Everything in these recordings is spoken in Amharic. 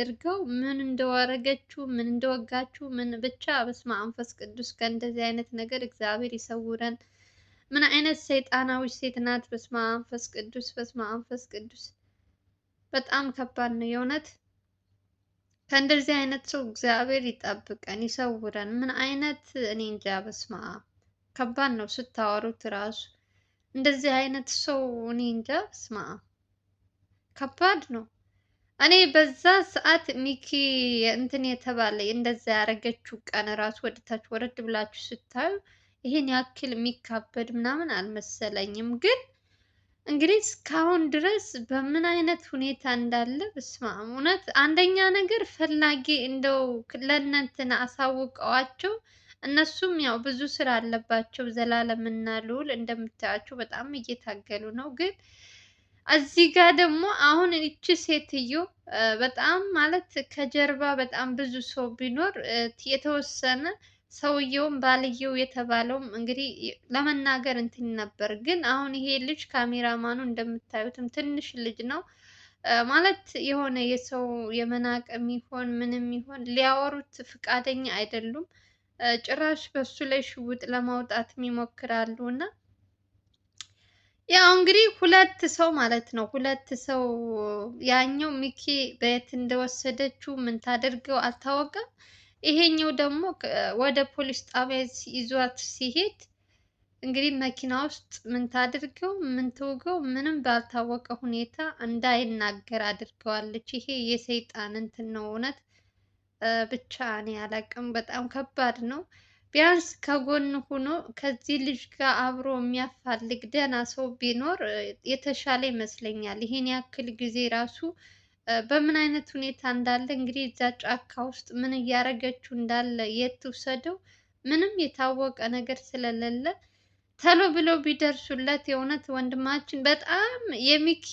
አድርገው ምን እንደወረገችው ምን እንደወጋችው ምን ብቻ በስመ አብ መንፈስ ቅዱስ ከእንደዚህ አይነት ነገር እግዚአብሔር ይሰውረን። ምን አይነት ሰይጣናዊ ሴት ናት! በስመ አብ መንፈስ ቅዱስ በስመ አብ መንፈስ ቅዱስ በጣም ከባድ ነው የእውነት። ከእንደዚህ አይነት ሰው እግዚአብሔር ይጠብቀን ይሰውረን። ምን አይነት እኔ እንጃ በስመ አብ ከባድ ነው ስታወሩት ራሱ እንደዚህ አይነት ሰው እኔ እንጃ በስመ አብ ከባድ ነው። እኔ በዛ ሰዓት ሚኪ እንትን የተባለ እንደዛ ያደረገችው ቀን ራሱ ወደታች ወረድ ብላችሁ ስታዩ ይህን ያክል የሚካበድ ምናምን አልመሰለኝም። ግን እንግዲህ እስካሁን ድረስ በምን አይነት ሁኔታ እንዳለ በስመ አብ። እውነት አንደኛ ነገር ፈላጊ እንደው ለእነንትን አሳውቀዋቸው እነሱም ያው ብዙ ስራ አለባቸው። ዘላለም እና ልዑል እንደምታያቸው በጣም እየታገሉ ነው ግን እዚህ ጋር ደግሞ አሁን እቺ ሴትዮ በጣም ማለት ከጀርባ በጣም ብዙ ሰው ቢኖር የተወሰነ ሰውየውም ባልየው የተባለውም እንግዲህ ለመናገር እንትን ነበር። ግን አሁን ይሄ ልጅ ካሜራማኑ እንደምታዩትም ትንሽ ልጅ ነው ማለት የሆነ የሰው የመናቅ የሚሆን ምንም ይሆን ሊያወሩት ፍቃደኛ አይደሉም። ጭራሽ በሱ ላይ ሽውጥ ለማውጣትም ይሞክራሉ እና ያው እንግዲህ ሁለት ሰው ማለት ነው። ሁለት ሰው ያኛው ሚኪ በየት እንደወሰደችው ምን ታደርገው አልታወቀም። ይሄኛው ደግሞ ወደ ፖሊስ ጣቢያ ይዟት ሲሄድ እንግዲህ መኪና ውስጥ ምን ታደርገው ምን ትውገው ምንም ባልታወቀ ሁኔታ እንዳይናገር አድርገዋለች። ይሄ የሰይጣን እንትን ነው እውነት ብቻ እኔ አላቅም። በጣም ከባድ ነው። ቢያንስ ከጎን ሆኖ ከዚህ ልጅ ጋር አብሮ የሚያፋልግ ደህና ሰው ቢኖር የተሻለ ይመስለኛል። ይሄን ያክል ጊዜ ራሱ በምን አይነት ሁኔታ እንዳለ እንግዲህ እዛ ጫካ ውስጥ ምን እያደረገችው እንዳለ የትውሰደው ምንም የታወቀ ነገር ስለሌለ ተሎ ብለው ቢደርሱለት የእውነት ወንድማችን በጣም የሚኪ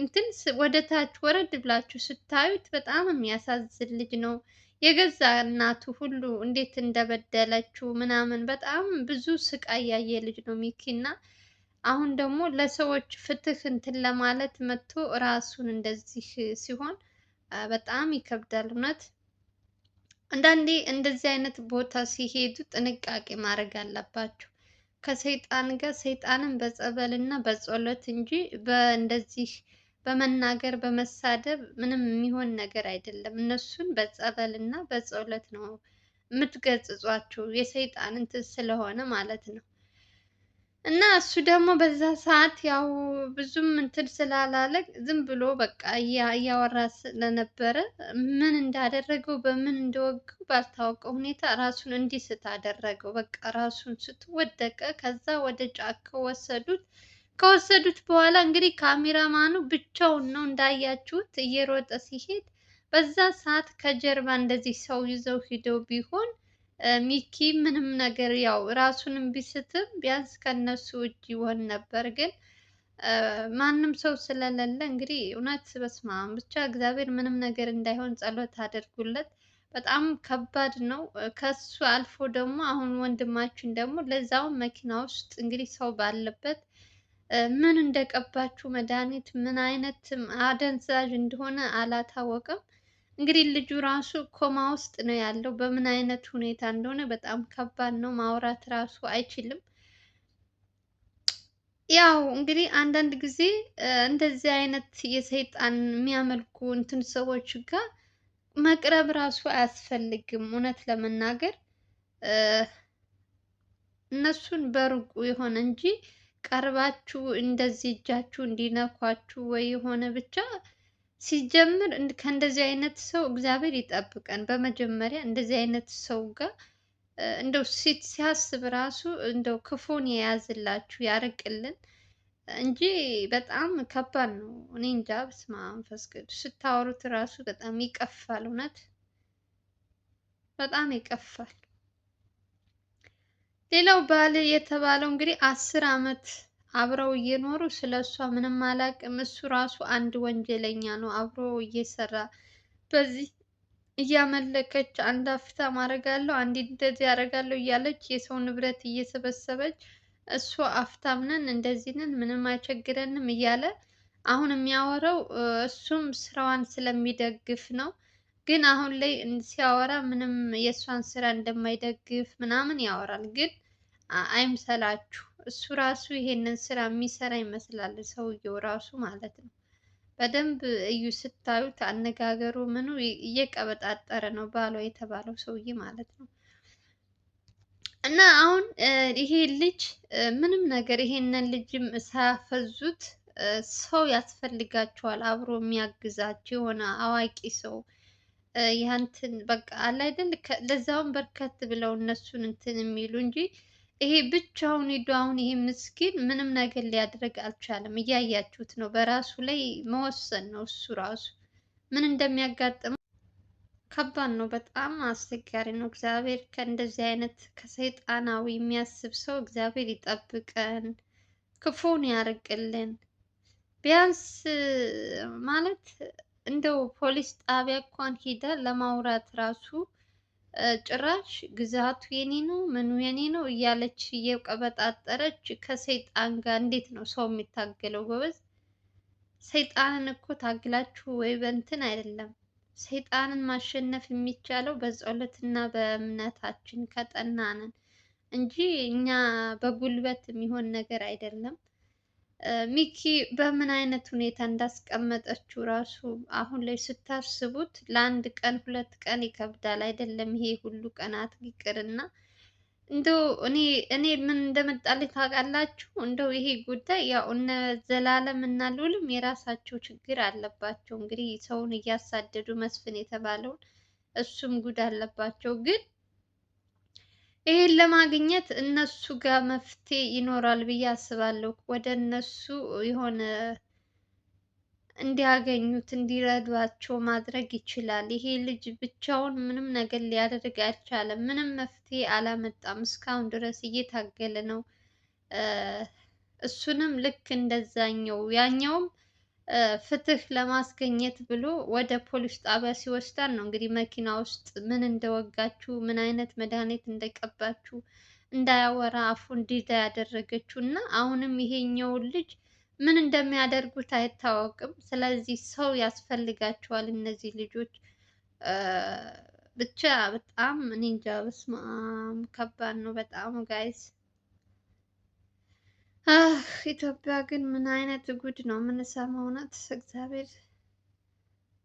እንትን ወደ ታች ወረድ ብላችሁ ስታዩት በጣም የሚያሳዝን ልጅ ነው። የገዛ እናቱ ሁሉ እንዴት እንደበደለችው ምናምን በጣም ብዙ ስቃይ ያየ ልጅ ነው ሚኪ እና አሁን ደግሞ ለሰዎች ፍትህ እንትን ለማለት መጥቶ ራሱን እንደዚህ ሲሆን በጣም ይከብዳል። እውነት አንዳንዴ እንደዚህ አይነት ቦታ ሲሄዱ ጥንቃቄ ማድረግ አለባቸው። ከሰይጣን ጋር ሰይጣንን በጸበል እና በጸሎት እንጂ በእንደዚህ በመናገር በመሳደብ ምንም የሚሆን ነገር አይደለም። እነሱን በጸበል እና በጸሎት ነው የምትገጽጿቸው የሰይጣን እንትን ስለሆነ ማለት ነው። እና እሱ ደግሞ በዛ ሰዓት ያው ብዙም እንትን ስላላለ ዝም ብሎ በቃ እያወራ ስለነበረ ምን እንዳደረገው በምን እንደወገው ባልታወቀው ሁኔታ ራሱን እንዲስት አደረገው። በቃ ራሱን ስትወደቀ ከዛ ወደ ጫካ ወሰዱት። ከወሰዱት በኋላ እንግዲህ ካሜራማኑ ብቻውን ነው እንዳያችሁት እየሮጠ ሲሄድ፣ በዛ ሰዓት ከጀርባ እንደዚህ ሰው ይዘው ሂደው ቢሆን ሚኪ ምንም ነገር ያው ራሱንም ቢስትም ቢያንስ ከነሱ እጅ ይሆን ነበር። ግን ማንም ሰው ስለሌለ እንግዲህ እውነት በስማ ብቻ እግዚአብሔር ምንም ነገር እንዳይሆን ጸሎት አድርጉለት። በጣም ከባድ ነው። ከሱ አልፎ ደግሞ አሁን ወንድማችን ደግሞ ለዛውም መኪና ውስጥ እንግዲህ ሰው ባለበት ምን እንደቀባችሁ መድኃኒት ምን አይነት አደንዛዥ እንደሆነ አላታወቀም። እንግዲህ ልጁ ራሱ ኮማ ውስጥ ነው ያለው። በምን አይነት ሁኔታ እንደሆነ በጣም ከባድ ነው፣ ማውራት ራሱ አይችልም። ያው እንግዲህ አንዳንድ ጊዜ እንደዚህ አይነት የሰይጣን የሚያመልኩ እንትን ሰዎች ጋር መቅረብ ራሱ አያስፈልግም። እውነት ለመናገር እነሱን በሩቁ የሆነ እንጂ ቀርባችሁ እንደዚህ እጃችሁ እንዲነኳችሁ ወይ የሆነ ብቻ ሲጀምር ከእንደዚህ አይነት ሰው እግዚአብሔር ይጠብቀን። በመጀመሪያ እንደዚህ አይነት ሰው ጋር እንደው ሲያስብ ራሱ እንደው ክፉን የያዝላችሁ ያርቅልን እንጂ በጣም ከባድ ነው። እኔ እንጃ። በስመ አብ መንፈስ ቅዱስ ስታወሩት ራሱ በጣም ይቀፋል። እውነት በጣም ይቀፋል። ሌላው ባል የተባለው እንግዲህ አስር አመት አብረው እየኖሩ ስለ እሷ ምንም አላውቅም። እሱ ራሱ አንድ ወንጀለኛ ነው። አብሮ እየሰራ በዚህ እያመለከች አንድ አፍታ ማረጋለሁ አንድ እንደዚህ ያደርጋለሁ እያለች የሰው ንብረት እየሰበሰበች እሱ አፍታም ነን እንደዚህ ነን ምንም አይቸግረንም እያለ አሁን የሚያወራው እሱም ስራዋን ስለሚደግፍ ነው። ግን አሁን ላይ ሲያወራ ምንም የእሷን ስራ እንደማይደግፍ ምናምን ያወራል ግን አይምሰላችሁ። እሱ ራሱ ይሄንን ስራ የሚሰራ ይመስላል፣ ሰውየው ራሱ ማለት ነው። በደንብ እዩ ስታዩት፣ አነጋገሩ ምኑ እየቀበጣጠረ ነው ባሏ የተባለው ሰውዬ ማለት ነው። እና አሁን ይሄ ልጅ ምንም ነገር ይሄንን ልጅም ሳያፈዙት ሰው ያስፈልጋቸዋል፣ አብሮ የሚያግዛቸው የሆነ አዋቂ ሰው ያንትን በቃ አለ አይደል? ለዛውም በርከት ብለው እነሱን እንትን የሚሉ እንጂ ይሄ ብቻውን ሂዶ አሁን ይሄ ምስኪን ምንም ነገር ሊያደርግ አልቻለም። እያያችሁት ነው። በራሱ ላይ መወሰን ነው እሱ ራሱ ምን እንደሚያጋጥመው ከባድ ነው። በጣም አስቸጋሪ ነው። እግዚአብሔር ከእንደዚህ አይነት ከሰይጣናዊ የሚያስብ ሰው እግዚአብሔር ይጠብቀን፣ ክፉን ያርቅልን። ቢያንስ ማለት እንደው ፖሊስ ጣቢያ እንኳን ሂደ ለማውራት ራሱ ጭራሽ ግዛቱ የኔ ነው ምኑ የኔ ነው እያለች እየቀበጣጠረች ከሰይጣን ጋር እንዴት ነው ሰው የሚታገለው? ጎበዝ ሰይጣንን እኮ ታግላችሁ ወይ በእንትን አይደለም። ሰይጣንን ማሸነፍ የሚቻለው በጸሎትና በእምነታችን ከጠናንን እንጂ እኛ በጉልበት የሚሆን ነገር አይደለም። ሚኪ በምን አይነት ሁኔታ እንዳስቀመጠችው ራሱ አሁን ላይ ስታስቡት ለአንድ ቀን ሁለት ቀን ይከብዳል አይደለም? ይሄ ሁሉ ቀናት ይቅርና እንደው እኔ እኔ ምን እንደመጣልኝ ታውቃላችሁ? እንደው ይሄ ጉዳይ ያው እነ ዘላለም እና ልዑልም የራሳቸው ችግር አለባቸው። እንግዲህ ሰውን እያሳደዱ መስፍን የተባለውን እሱም ጉድ አለባቸው ግን ይሄን ለማግኘት እነሱ ጋር መፍትሄ ይኖራል ብዬ አስባለሁ። ወደ እነሱ የሆነ እንዲያገኙት እንዲረዷቸው ማድረግ ይችላል። ይሄ ልጅ ብቻውን ምንም ነገር ሊያደርግ አልቻለም። ምንም መፍትሄ አላመጣም። እስካሁን ድረስ እየታገለ ነው። እሱንም ልክ እንደዛኛው ያኛውም ፍትህ ለማስገኘት ብሎ ወደ ፖሊስ ጣቢያ ሲወስዳን ነው እንግዲህ መኪና ውስጥ ምን እንደወጋችሁ ምን አይነት መድኃኒት እንደቀባችሁ እንዳያወራ አፉ እንዲዳ ያደረገችው እና አሁንም ይሄኛውን ልጅ ምን እንደሚያደርጉት አይታወቅም። ስለዚህ ሰው ያስፈልጋቸዋል እነዚህ ልጆች። ብቻ በጣም እኔ እንጃ፣ በስመ አብ ከባድ ነው በጣም ጋይስ። አህ ኢትዮጵያ ግን ምን አይነት ጉድ ነው የምንሰማው? እውነት እግዚአብሔር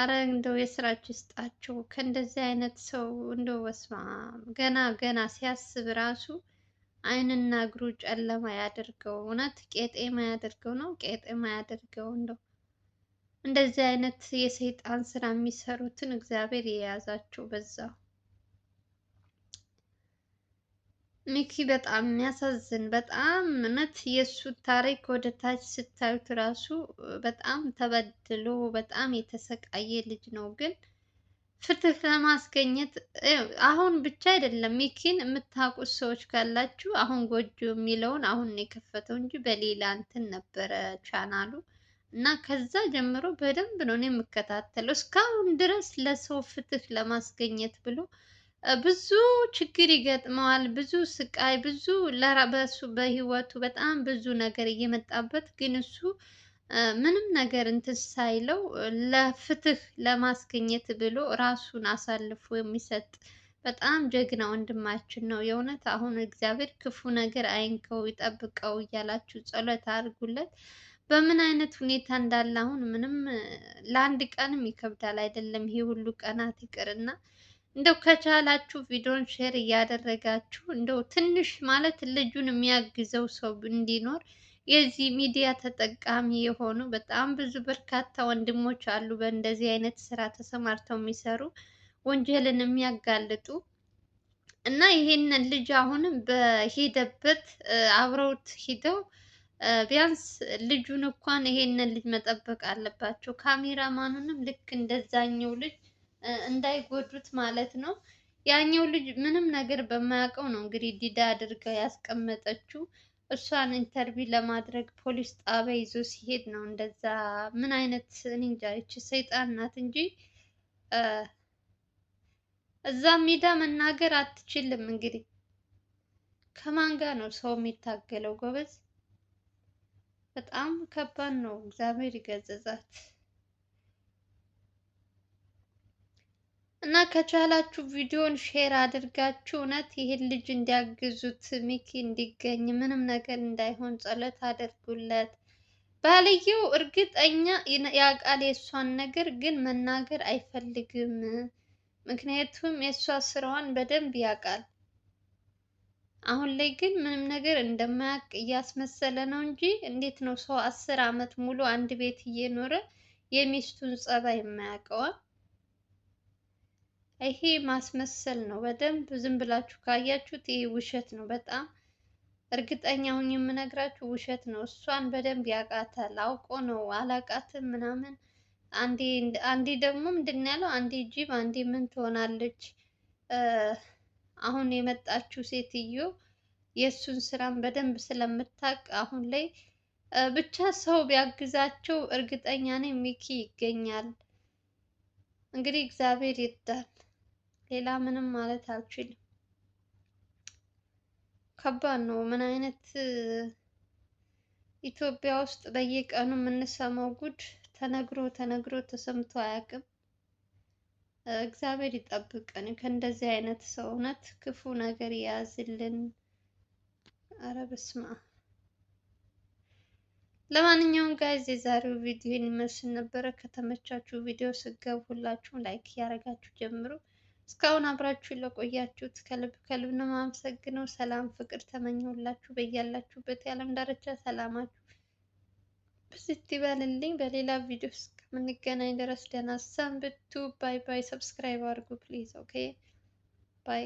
አረ እንደው የስራችሁ ይስጣችሁ። ከእንደዚህ አይነት ሰው እንደው በስማ ገና ገና ሲያስብ ራሱ አይንና እግሩ ጨለማ ያደርገው፣ እውነት ቄጤማ ያደርገው ነው ቄጤማ ያደርገው። እንደው እንደዚህ አይነት የሰይጣን ስራ የሚሰሩትን እግዚአብሔር የያዛቸው በዛው ሚኪ በጣም የሚያሳዝን በጣም እውነት የእሱ ታሪክ ወደ ታች ስታዩት ራሱ በጣም ተበድሎ በጣም የተሰቃየ ልጅ ነው። ግን ፍትህ ለማስገኘት አሁን ብቻ አይደለም ሚኪን የምታውቁት ሰዎች ካላችሁ አሁን ጎጆ የሚለውን አሁን የከፈተው እንጂ በሌላ እንትን ነበረ ቻናሉ እና ከዛ ጀምሮ በደንብ ነው እኔ የምከታተለው እስካሁን ድረስ ለሰው ፍትህ ለማስገኘት ብሎ ብዙ ችግር ይገጥመዋል። ብዙ ስቃይ፣ ብዙ በሱ በህይወቱ በጣም ብዙ ነገር እየመጣበት ግን እሱ ምንም ነገር እንትን ሳይለው ለፍትህ ለማስገኘት ብሎ ራሱን አሳልፎ የሚሰጥ በጣም ጀግና ወንድማችን ነው። የእውነት አሁን እግዚአብሔር ክፉ ነገር አይንከው ይጠብቀው እያላችሁ ጸሎት አድርጉለት። በምን አይነት ሁኔታ እንዳለ አሁን ምንም ለአንድ ቀንም ይከብዳል አይደለም ይሄ ሁሉ ቀናት ይቅርና እንደው ከቻላችሁ ቪዲዮን ሼር እያደረጋችሁ እንደው ትንሽ ማለት ልጁን የሚያግዘው ሰው እንዲኖር የዚህ ሚዲያ ተጠቃሚ የሆኑ በጣም ብዙ በርካታ ወንድሞች አሉ፣ በእንደዚህ አይነት ስራ ተሰማርተው የሚሰሩ ወንጀልን የሚያጋልጡ እና ይሄንን ልጅ አሁንም በሄደበት አብረውት ሂደው ቢያንስ ልጁን እንኳን ይሄንን ልጅ መጠበቅ አለባቸው። ካሜራማኑንም ልክ እንደዛኛው ልጅ እንዳይጎዱት ማለት ነው። ያኛው ልጅ ምንም ነገር በማያውቀው ነው እንግዲህ ዲዳ አድርጋ ያስቀመጠችው። እሷን ኢንተርቪው ለማድረግ ፖሊስ ጣቢያ ይዞ ሲሄድ ነው እንደዛ። ምን አይነት እንጃ ይች ሰይጣን ናት እንጂ እዛ ሜዳ መናገር አትችልም። እንግዲህ ከማን ጋር ነው ሰው የሚታገለው? ጎበዝ፣ በጣም ከባድ ነው። እግዚአብሔር ይገዘዛት። እና ከቻላችሁ ቪዲዮን ሼር አድርጋችሁ እውነት ይህን ልጅ እንዲያግዙት ሚኪ እንዲገኝ ምንም ነገር እንዳይሆን ጸሎት አድርጉለት። ባልየው እርግጠኛ ያውቃል የእሷን ነገር ግን መናገር አይፈልግም። ምክንያቱም የእሷ ስራዋን በደንብ ያውቃል። አሁን ላይ ግን ምንም ነገር እንደማያውቅ እያስመሰለ ነው እንጂ እንዴት ነው ሰው አስር አመት ሙሉ አንድ ቤት እየኖረ የሚስቱን ጸባይ የማያውቀዋል? ይሄ ማስመሰል ነው። በደንብ ዝም ብላችሁ ካያችሁት ይሄ ውሸት ነው። በጣም እርግጠኛ ሁኝ የምነግራችሁ ውሸት ነው። እሷን በደንብ ያውቃታል። አውቆ ነው አላውቃትም ምናምን። አንዴ ደግሞ ምንድን ያለው አንዴ ጅብ አንዴ ምን ትሆናለች። አሁን የመጣችው ሴትዮ የእሱን ስራን በደንብ ስለምታውቅ አሁን ላይ ብቻ ሰው ቢያግዛቸው እርግጠኛ ነኝ ሚኪ ይገኛል። እንግዲህ እግዚአብሔር ይርዳል። ሌላ ምንም ማለት አልችልም። ከባድ ነው። ምን አይነት ኢትዮጵያ ውስጥ በየቀኑ የምንሰማው ጉድ ተነግሮ ተነግሮ ተሰምቶ አያውቅም። እግዚአብሔር ይጠብቀን ከእንደዚህ አይነት ሰው እውነት ክፉ ነገር የያዝልን። አረ በስመ አብ። ለማንኛውም ጋይዝ የዛሬው ቪዲዮ ይመስል ነበረ። ከተመቻችሁ ቪዲዮ ስገቡ ሁላችሁም ላይክ እያደረጋችሁ ጀምሩ። እስካሁን አብራችሁ ለቆያችሁት ከልብ ከልብ ነው የማመሰግነው። ሰላም ፍቅር ተመኘሁላችሁ። በያላችሁበት የዓለም ዳርቻ ሰላማችሁ ብዝት ይበልልኝ። በሌላ ቪዲዮ እስከምንገናኝ ድረስ ደህና ሰንብቱ። ባይ ባይ። ሰብስክራይብ አድርጉ ፕሊዝ። ኦኬ ባይ።